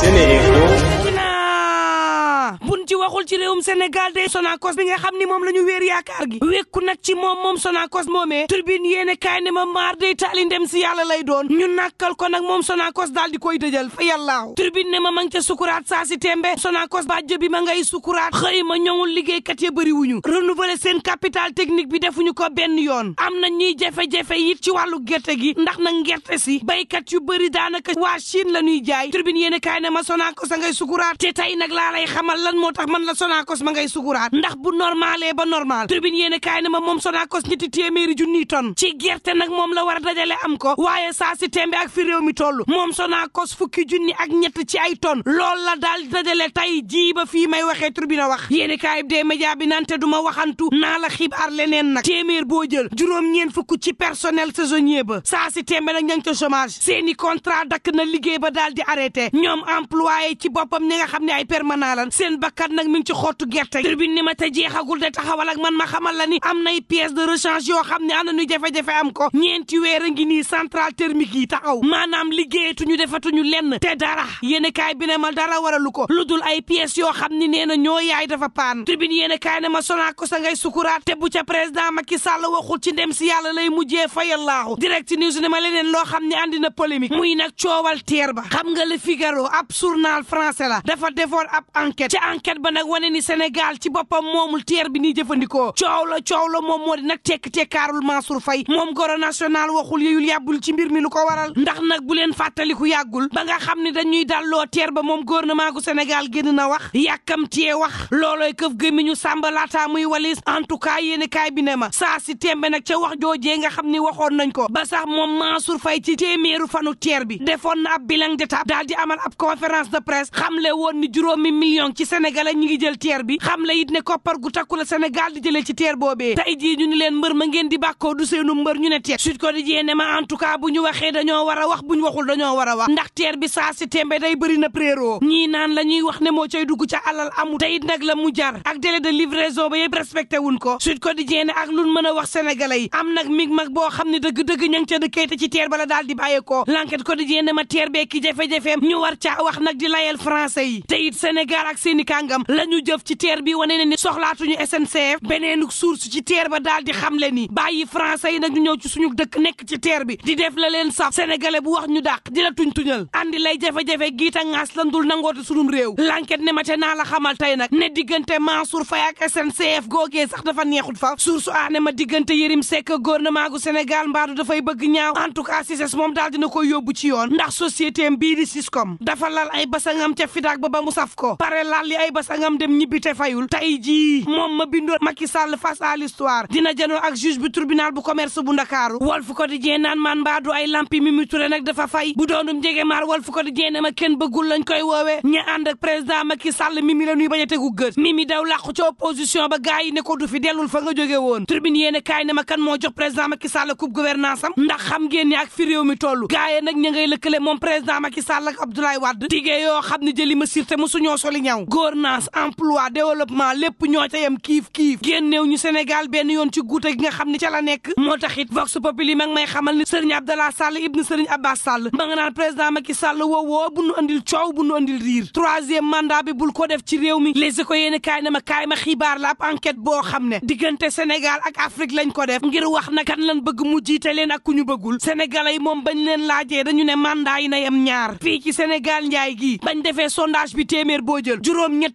Senegal buñ ci waxul ci réewum Sénégal de Sonacos bi nga xam ni moom la ñu wéer yaakaar gi wékku nag ci moom moom Sonacos moomee turbine yéene kaay ne ma maar day taali ndem si lay doon ñu nàkkal ko nag moom Sonacos daal di koy dëjal fa yàllaaw turbine ne ma ma ngi ca sukuraat saa si tembe Sonacos bàjjo bi ma ngay sukuraat xëy ma ñoŋul liggéeykat ya bëri wuñu renouveler seen capital technique bi defuñu ko benn yoon am na ñuy jafe-jafe it ci wàllu gerte gi ndax na ngerte si baykat yu bëri daanaka waa Chine la ñuy jaay turbine yéene kaay ne ma Sonacos a ngay sukuraat te tey nag laa lay xamal lan moo moo tax man la Sonacos ma ngay suguraat ndax bu normalee ba normal tribune yéen kaay na ma moom Sonacos ñetti téeméeri junniy tonne ci gerte nag moom la war a dajale am ko waaye saa si tembe ak fi réew mi toll moom Sonacos fukki junni ak ñett ci ay tonne loolu la daal dajale tey jii fii may waxee tribune wax yéen kaay bi dee média bi waxantu naa la xibaar leneen nag téeméer boo jël juróom-ñeent fukk ci personnel saisonnier ba saa si tembe nag ña ngi ca chômage ba daal di arrêté ñoom employé ci boppam ñi nga xam ne kat nag mi ngi ci xottu gerte turbine ni ma te jeexagul de taxawal ak man ma xamal la ni am nay pièces de rechange yoo xam ne am nañu jafe-jafe am ko ñeenti weer a ngi nii centrale thermique yi taxaw maanaam liggéeyatuñu defatuñu lenn te dara yéen kaay bi ne ma dara waralu ko lu dul ay pièces yoo xam ne nee na ñoo yaay dafa paan turbine yéen kaay ne ma sonaa ko sa ngay sukuraat te bu ca président Macky Sall waxul ci ndem si yàlla lay mujjee fayallaahu direct news ne ma leneen loo xam ne andi na polémique muy nag coowal teer ba xam nga le Figaro ab journal la dafa defoon ab enquête ci enquête enquête ba nag wane ni Sénégal ci boppam moomul teer bi ni jëfandikoo coow la coow la moom moo di nag tekk-tekkaarul Mansour Faye moom goro national waxul yeyul yàbbul ci mbir mi lu ko waral ndax nag bu leen fàttaliku yàggul ba nga xam ne dañuy dalloo teer ba moom gouvernement gu Sénégal génn na wax yàkkamtee wax loolooy këf gémmiñu sàmba laataa muy walis en tout cas yéeni kaay bi ne ma saa si tembe nag ca wax joojee nga xam ni waxoon nañ ko ba sax moom Mansour Faye ci téeméeru fanu teer bi defoon na ab bilan d'étape daal di amal ab conférence de presse woon ni juróomi million ci Sénégal sénégalais ñi ngi jël teer bi xam la it ne koppar gu takku la Sénégal di jële ci teer boobee tey jii ñu ni leen mbër ma ngeen di bàkkoo du seenu mbër ñu ne teer Sud Quotidien ne ma en tout cas bu ñu waxee dañoo war a wax bu ñu waxul dañoo war a wax ndax teer bi saa si tembe day bëri na préro ñii naan la ñuy wax ne moo cay dugg ca alal amu te it nag la mu jar ak délai de livraison ba yëpp respecté wuñ ko Sud di ne ak luñ mën a wax sénégalais yi am nag mig mag boo xam ne dëgg-dëgg ña ngi ca dëkkayte ci teer bala daal di bàyyeekoo l'enquête quotidien ne ma teer ki jafe-jafeem ñu wax nag di layal français yi te it Sénégal ak seeni kàng nangam la ñu jëf ci teer bi wane ne ni soxlaatuñu SNCF beneen source ci teer ba daal di xam le ni bàyyi français yi nag ñu ñëw ci suñu dëkk nekk ci teer bi di def la leen sax sénégalais bu wax ñu dàq di la tuñ tuñal andi lay jafe-jafe giita ngaas lan dul nangooti sunum réew l'enquête ne ma naa la xamal tey nag ne diggante Mansour Faye ak SNCF googee sax dafa neexut fa source a ma diggante Yérim Seck gouvernement gu Sénégal mbaadu dafay bëgg ñaaw en tout cas Cissé moom daal dina koy yóbbu ci yoon ndax société am bii di Siscom dafa lal ay basangam ca fidaak ba ba mu saf ko ba sangam dem ñibbi te fayul tey jii moom ma bindoo Macky Sall face à l'histoire dina janoo ak juge bu tribunal bu commerce bu Ndakaaru Walf Quotidien naan man mbaa du ay lampi Mimi Touré nag dafa fay bu doonum njege maar Walf Quotidien ne ma kenn bëggul lañ koy woowee ña ànd ak mi Macky Sall Mimi la nuy bañ a tegu gët daw làqu ci opposition ba gars ne ko du fi dellul fa nga jóge woon tribune yéene kaay ne ma kan moo jox président Macky Sall coupe am ndax xam ngeen ak fi réew mi toll gars nag ña ngay lëkkale moom président Macky Sall ak Abdoulaye Wade xam ne jëli ma sirte mosuñoo soli ñaw góor finance emploi développement lépp ñoo ca yem kiif kiif génneew ñu Sénégal benn yoon ci guute gi nga xam ne ca la nekk moo tax it vox populi ma may xamal ni sëriñ Abdallah Sall ibn sëriñ Abbas Sall ma nga naan président Macky Sall bu nu andil coow bu nu andil riir troisième mandat bi bul ko def ci réew mi les ko yéen kaay ma kaay xibaar la ab enquête boo xam ne diggante Sénégal ak Afrique lañ ko def ngir wax na kan lan bëgg mu jiite leen ak ku ñu bëggul sénégalais yi moom bañ leen laajee dañu ne mandat yi na yem ñaar fii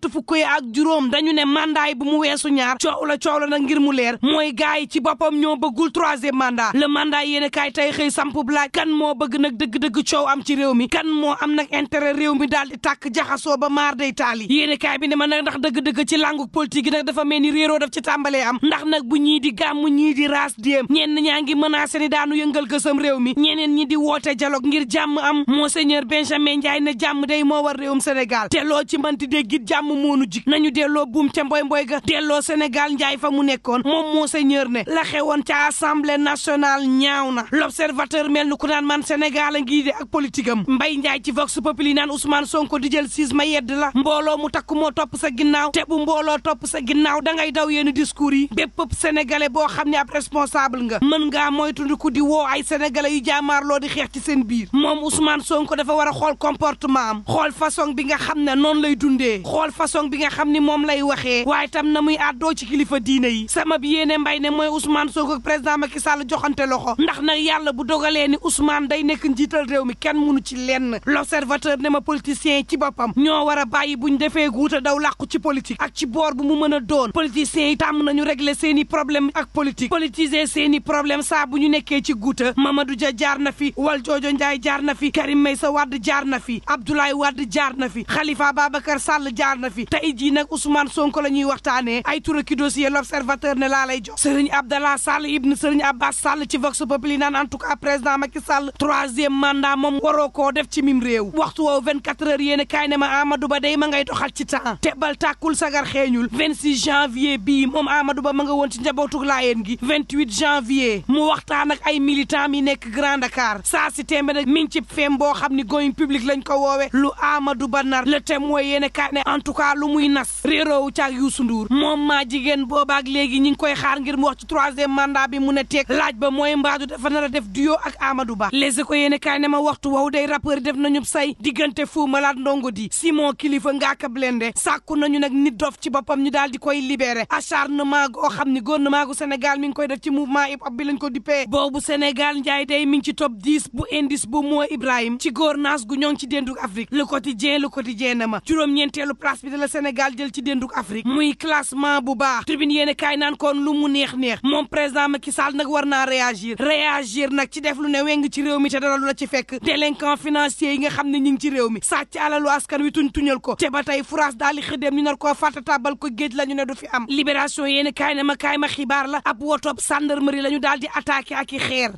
ñett fukk ak juróom dañu ne mandat yi bu mu weesu ñaar coow la coow la nag ngir mu leer mooy gars yi ci boppam ñoo bëggul troisième mandat le mandat yéen a kaay tey xëy samp laa kan moo bëgg nag dëgg-dëgg coow am ci réew mi kan moo am nag intérêt réew mi daal di tàkk jaxasoo ba maar day taal yi yéen a kaay bi ne ma nag ndax dëgg-dëgg ci langu politique yi nag dafa mel ni réeroo daf ci tàmbalee am ndax nag bu ñii di gàmm ñii di raas diem ñenn ñaa ngi menacé ni daanu yëngal gësam réew mi ñeneen ñi di woote ngir jàmm am monseigneur Benjamin Ndiaye ne jàmm day moo war réewum Sénégal te loo moonu jik nañu delloo buum ca mboy mboy ga delloo Sénégal njaay fa mu nekkoon moom moo monseigneur ne la xewoon ca assemblée nationale ñaaw na l'observateur mel ni ku naan man Sénégal a ngi de ak politique am mbay Ndiaye ci Vox Populi naan Ousmane Sonko di jël siis ma yedd la mbooloo mu takk moo topp sa ginnaaw te bu mbooloo topp sa ginnaaw da ngay daw yenn discours yi bépp sénégalais boo xam ne ab responsable nga mën ngaa moytundiku di woo ay sénégalais yu jaamaarloo di xeex ci seen biir moom Ousmane Sonko dafa war xool comportement xool façon bi nga xam ne noonu lay dundee façon bi nga xam ni moom lay waxee waaye tam na muy doo ci kilifa diine yi sama bi yéene mbay ne mooy usmaan Sonko ak président Macky Sall joxante loxo ndax na yàlla bu dogalee ni Ousmane day nekk njiital réew mi kenn munu ci lenn l'observateur ne ma politicien yi ci boppam ñoo war a bàyyi buñ defee guuta daw làqu ci politique ak ci boor bu mu mën a doon politiciens yi tàmm nañu régler seen i problème ak politique politiser seen i problème saa bu ñu nekkee ci guuta Mamadou Dia jaar na fi wal joojo Ndiaye jaar na fi Karim Meïssa Wade jaar na fi Abdoulaye Wade jaar na fi Khalifa Babacar Sall jaar na fi tey jii nag Ousmane Sonko la ñuy ay tura ki dossier ne laa lay jox Abdallah Sall ibn Serigne Abbas Sall ci Vox Populi naan en tout cas Sall troisième mandat moom waroo koo def ci mim réew waxtu woowu 24 heures a ma Amadou Ba day ma doxal ci temps tebal tàkkul sagar xeeñul 26 janvier moom Amadou Ba ma woon ci njabootu laayeen gi 28 mu waxtaan ay militants mi nekk Grand Dakar saa si tembe nag mi ci feem boo a cas lu muy nas réeroowu caag Youssou Ndour moom ma jigéen boobaak léegi ñi ngi koy xaar ngir mu wax ci troisième mandat bi mu ne teeg laaj ba mooy mbaadu dafa nar def duo ak aamadu Ba les ko yéene kaay ne ma waxtu waw day rappeur def ñu say diggante Fou Malade ndongo di Simon Kilifa Ngaaka Blindé na ñu nag nit dof ci boppam ñu daal di koy libéré acharnement goo xam ni gouvernement gu Sénégal mi ngi koy def ci mu ma hop bi lañ ko dippee boobu Sénégal njaay day mi ngi ci top 10 bu indice bu moo Ibrahim ci gouvernance gu ñoŋ ci dénduk Afrique le quotidien le quotidien na ma juróom-ñeenteelu bi la Sénégal jël ci dénduk Afrique muy classement bu baax tribune yéen kaay naan kon lu mu neex neex moom président Macky Sall nag war naa réagir réagir nag ci def lu ne weng ci réew mi te dara la ci fekk délinquant financier yi nga xam ne ñu ngi ci réew mi sàcc alalu askan wi tuñ tuñal ko te ba tey France daal di xëdem ñu nar koo fàtta tàbbal ko géej la ñu ne du fi am libération yéen kaay na ma kaay ma xibaar la ab wotob gendarmerie la ñu daal di attaqué ak i xeer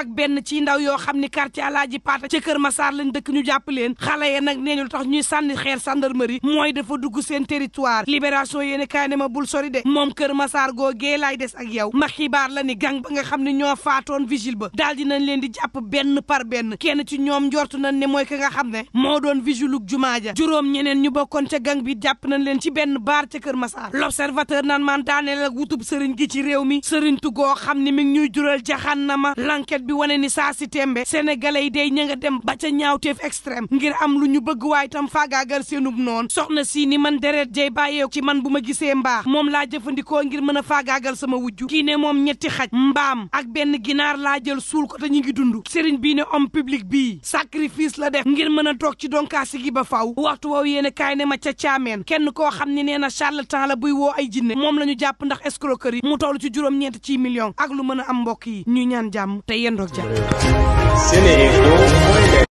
ak benn ci ndaw yoo xam ne quartier Alaaji Paata ca Kër Masaar lañ dëkk ñu jàpp leen xale ya nag nee ñu tax ñuy sànni xeer gendarmerie mooy dafa dugg seen territoire libération yéene kaay ne ma bul sori de moom kër masaar googee laay des ak yow ma xibaar la ni gang ba nga xam ne ñoo faatoon vigile ba daal dinañ leen di jàpp benn par benn kenn ci ñoom njortu nañ ne mooy ka nga xam ne moo doon vigile ug jumaa ja juróom ñeneen ñu bokkoon ca gang bi jàpp nañ leen ci benn baar ca kër masaar l'observateur naan man daaneel ak wutub sëriñ gi ci réew mi sëriñ goo xam ni mi ngi ñuy jural jaxannama l'enquête bi wane ni saa si tembe sénégalais yi day ña nga dem ba ca ñaawteef extrême ngir am lu ñu bëgg waaye tam faagaagal seenub kii ni man deret jay bàyyeeku ci man bu ma gisee mbaax moom laa jëfandikoo ngir mën a faagaagal sama wujju kii ne moom ñetti xaj mbaam ak benn ginaar laa jël suul ko te ñu ngi dund sëriñ bii ne homme public bii sacrifice la def ngir mën a toog ci donkaasi gi ba faw waxtu woowu yéen a kaay ne ma ca caameen kenn koo xam ne nee na charlatan la buy woo ay jinne moom la ñu jàpp ndax escroquerie mu toll ci juróom-ñeent ci million ak lu mën a am mbokk yi ñu ñaan jàmm te yendoog jàmm